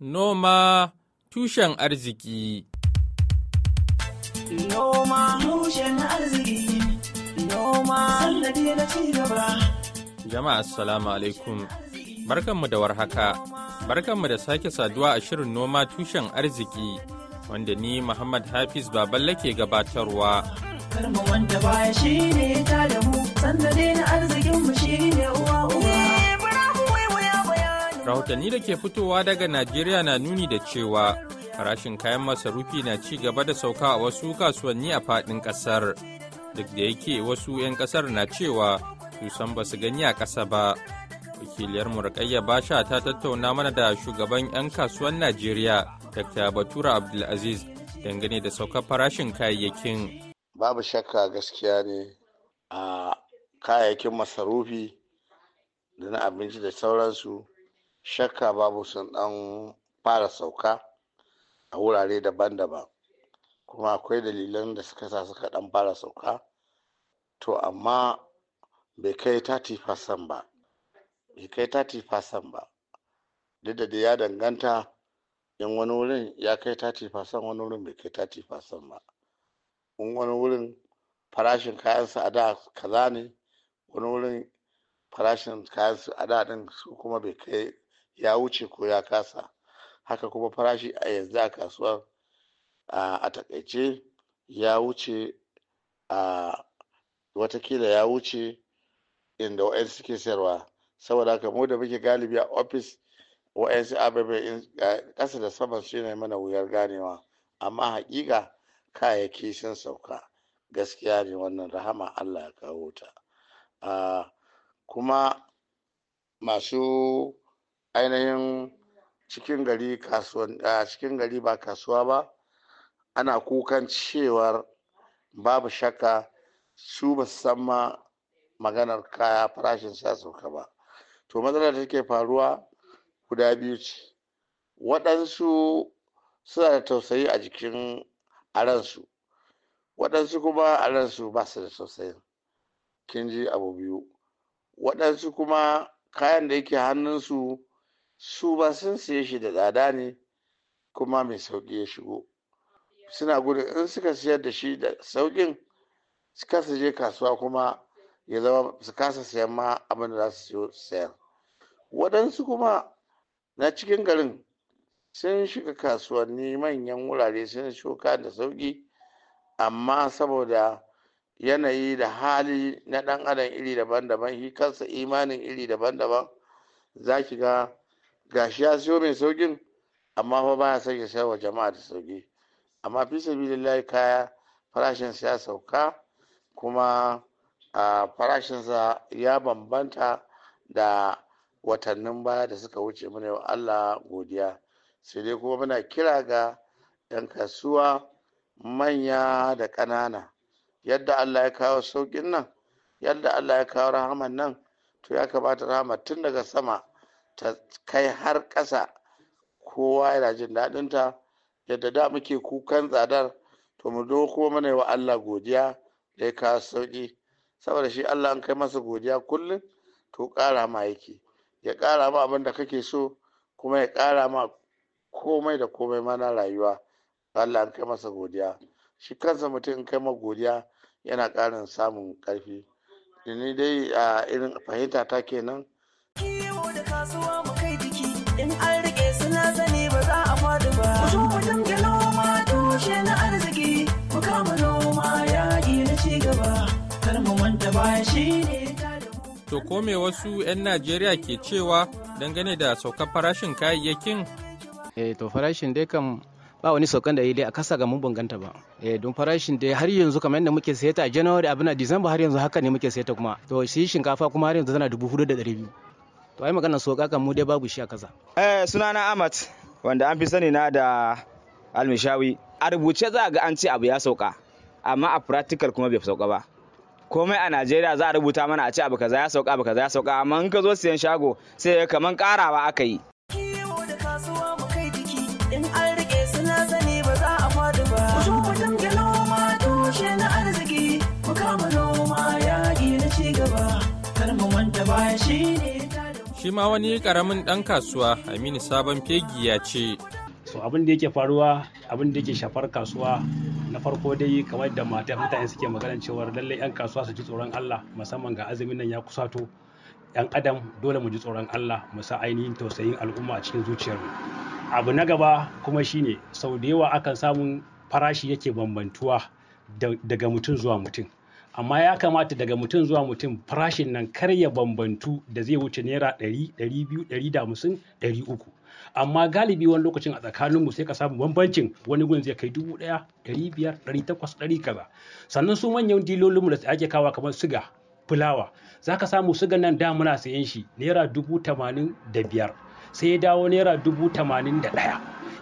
Noma tushen arziki Noma tushen arziki Noma na cigaba Jama'a assalamu alaikum barkanmu da warhaka barkanmu da sake saduwa a shirin noma tushen arziki wanda ni Muhammad Hafiz Baballe ke gabatarwa Karma wanda baya shi ne ta da mu sannadi na arzikinmu shi ne uwa uwa rahotanni da ke fitowa daga najeriya na nuni da cewa farashin kayan masarufi na ci gaba da sauka a wasu kasuwanni a faɗin ƙasar duk da yake wasu 'yan ƙasar na cewa su san ba su gani a ƙasa ba wakiliyar murƙayya basha ta tattauna mana da shugaban 'yan kasuwan najeriya dr batura abdulaziz dangane da saukar farashin kayayyakin babu shakka gaskiya ne a kayayyakin masarufi da na abinci da sauransu shakka babu sun ɗan fara sauka a wurare daban-daban kuma akwai dalilan da suka sa suka ɗan fara sauka to amma bai kai ta san ba bai kai ta san ba duk da ya danganta in wani wurin ya kai ta san wani wurin bai kai ta san ba in wani wurin farashin kayansu a da kaza ne wani wurin farashin su a da din su kuma bai kai ya wuce ko ya kasa haka kuma farashi a yanzu a kasuwar a takaice ya wuce a watakila ya wuce inda wa'yan suke sayarwa saboda haka mu da muke galibi a ofis wa'yansu ababen ƙasa da saman su yana mana wuyar ganewa amma haƙiƙa kayayyaki sun sauka gaskiya ne wannan rahama allah ya kawo ta kuma masu ainihin cikin gari kasuwan cikin gari ba kasuwa ba ana kukan cewar babu shakka su ba san ma maganar kaya farashin sa sauka ba to matsalar da take faruwa guda biyu ce waɗansu suna da tausayi a jikin aransu waɗansu kuma aransu ransu ba su da tausayin kin ji abu biyu waɗansu kuma kayan da yake hannunsu su ba sun siye shi da tsada ne kuma mai Sauki ya shigo suna gudu in suka siyar da shi da sauƙin su kasa je kasuwa kuma ya zama su kasa siyan ma abin da za su sayar waɗansu kuma na cikin garin sun shiga kasuwanni manyan wurare sun shuka da sauƙi amma saboda yanayi da hali na ɗan adam iri daban-daban shi kansa imanin iri daban-daban za ki ga gashi ya siyo mai saukin amma fa baya son ya sayar wa jama'a da sauki amma fi sabilillahi kaya farashin ya sauka kuma farashin farashinsa ya bambanta da watannin baya da suka wuce mana wa Allah godiya sai dai kuma muna kira ga 'yan kasuwa manya da ƙanana yadda Allah ya kawo saukin nan yadda Allah ya kawo rahaman nan to ya kamata rahama tun daga sama ta kai har ƙasa kowa yana jin daɗinta yadda da muke kukan tsadar to mu doko mana wa Allah godiya da ya kawo sauƙi saboda shi Allah an kai masa godiya kullum to ƙara ma yake ya ƙara ma abin da kake so kuma ya ƙara ma komai da komai mana rayuwa Allah an kai masa godiya shi kansa mutum in kai ma godiya yana ƙarin samun ƙarfi da ni dai a irin fahimta ta kenan kai jiki in an rike ba za a faɗi ba kama noma yaƙi na To ko me wasu 'yan Najeriya ke cewa dangane da saukar farashin kayayyakin? Eh to farashin dai kan ba wani saukan da yi dai a kasa ga mun banganta ba eh don farashin dai har yanzu kamar yadda muke sayata a January abin a December har yanzu haka ne muke sayata kuma to shi shinkafa kuma har yanzu tana dubu hudu da ɗari biyu to ai maganar soka kan mu dai babu shi a kaza eh sunana Ahmad wanda an fi sani na da Almishawi a rubuce za ga an ce abu ya sauka amma a practical kuma bai sauka ba komai a Najeriya za a rubuta mana a ce abu kaza ya sauka abu kaza ya sauka amma in ka zo siyan shago sai kaman karawa aka yi Shi ma wani karamin ɗan kasuwa Aminu Sabon Fegi ya ce. So abin da yake faruwa abin da yake shafar kasuwa na farko dai kamar da mata mutane suke maganar cewar lallai 'yan kasuwa su ji tsoron Allah musamman ga azumin nan ya kusato 'yan adam dole mu ji tsoron Allah mu sa ainihin tausayin al'umma a cikin mu. abu na gaba kuma shine sau da yawa akan samun farashi yake bambantuwa daga mutum zuwa mutum amma ya kamata daga mutum zuwa mutum farashin nan kar ya bambantu da zai wuce naira ɗari biyu uku amma galibi wani lokacin a tsakaninmu sai ka samu bambancin wani gun zai kai dubu biyar kaza sannan su manyan dilolinmu da ake kawa kamar siga fulawa za ka samu suga nan da muna sayan shi naira dubu sai ya dawo naira dubu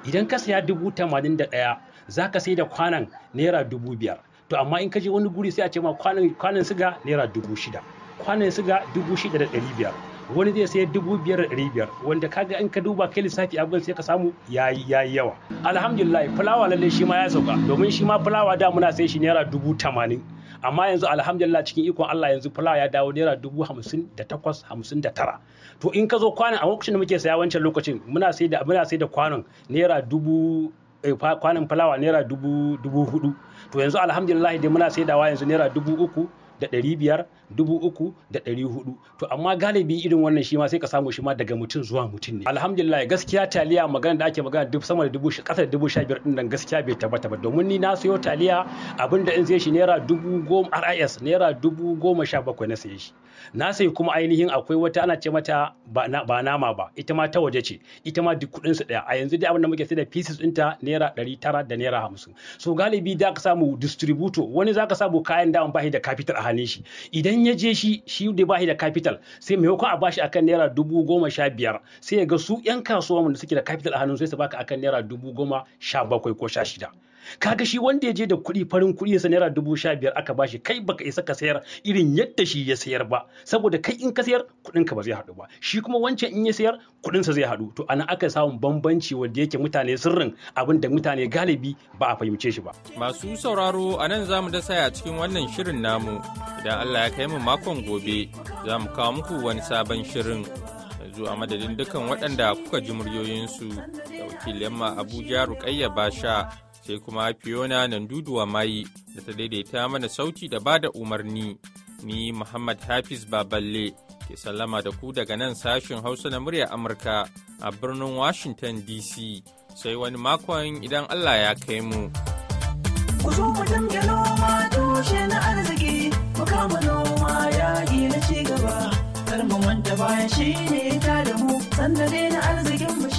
idan ka saya dubu tamanin da ɗaya za ka sai da kwanan naira dubu biyar to amma in ka je wani guri sai a ce ma kwanan siga naira dubu shida kwanan siga dubu shida da ɗari biyar wani zai sayar dubu biyar da ɗari biyar wanda kaga in ka duba kai lissafi abin sai ka samu ya yi yawa alhamdulillah fulawa lallai shi ma ya sauka domin shi ma fulawa da muna sai shi naira dubu tamanin amma yanzu alhamdulillah cikin ikon Allah yanzu fulawa ya dawo naira dubu hamsin da takwas hamsin da tara to in ka zo kwanan a lokacin da muke saya wancan lokacin muna sai da muna sai da kwanon naira dubu eh, kwanan fulawa naira dubu dubu hudu to yanzu alhamdulillah dai muna saidawa yanzu naira dubu uku da ɗari biyar dubu uku da ɗari hudu to amma galibi irin wannan shi ma sai ka samu shi ma daga mutum zuwa mutum ne alhamdulillah gaskiya taliya magana da ake magana duk sama da dubu ƙasa da dubu sha biyar ɗin nan gaskiya bai tabbata ba domin ni na sayo taliya abinda in sai shi naira dubu goma ris naira dubu goma sha bakwai na saye shi na sayi kuma ainihin akwai wata ana ce mata ba nama ba ita ma ta waje ce ita ma duk kuɗin su ɗaya a yanzu dai abinda muke sai da pieces ɗinta naira ɗari tara da naira hamsin so galibi da ka samu distributor wani za ka samu kayan da an bashi da capital a hannun shi idan in ya je shi shi da bashi da capital sai mai maimakon a bashi akan naira dubu goma sha biyar sai ya ga su yan kasuwa da suke da capital a hannun sai su baka akan naira dubu goma sha bakwai ko sha shida kaga shi wanda ya je da kuɗi farin kuɗi sa naira dubu sha biyar aka bashi kai baka isa ka sayar irin yadda shi ya sayar ba saboda kai in ka sayar kuɗin ka ba zai haɗu ba shi kuma wancan in ya sayar kuɗin sa zai haɗu to ana aka samun bambanci wanda yake mutane sirrin abin da mutane galibi ba a fahimce shi ba masu sauraro a nan zamu dasa saya cikin wannan shirin namu idan Allah ya kai mu makon gobe za mu kawo muku wani sabon shirin yanzu a madadin dukan waɗanda kuka ji muryoyinsu da wakilin ma abuja rukayya basha sai kuma Fiona Nanduduwa Mai da ta daidaita mana sauti da bada umarni. Ni Muhammad Hafiz Baballe ke sallama da ku daga nan sashin Hausa na murya Amurka a birnin Washington DC sai wani makon idan Allah ya kai mu. Ku wanda bayan shi ne ta da sanda na arzikin mu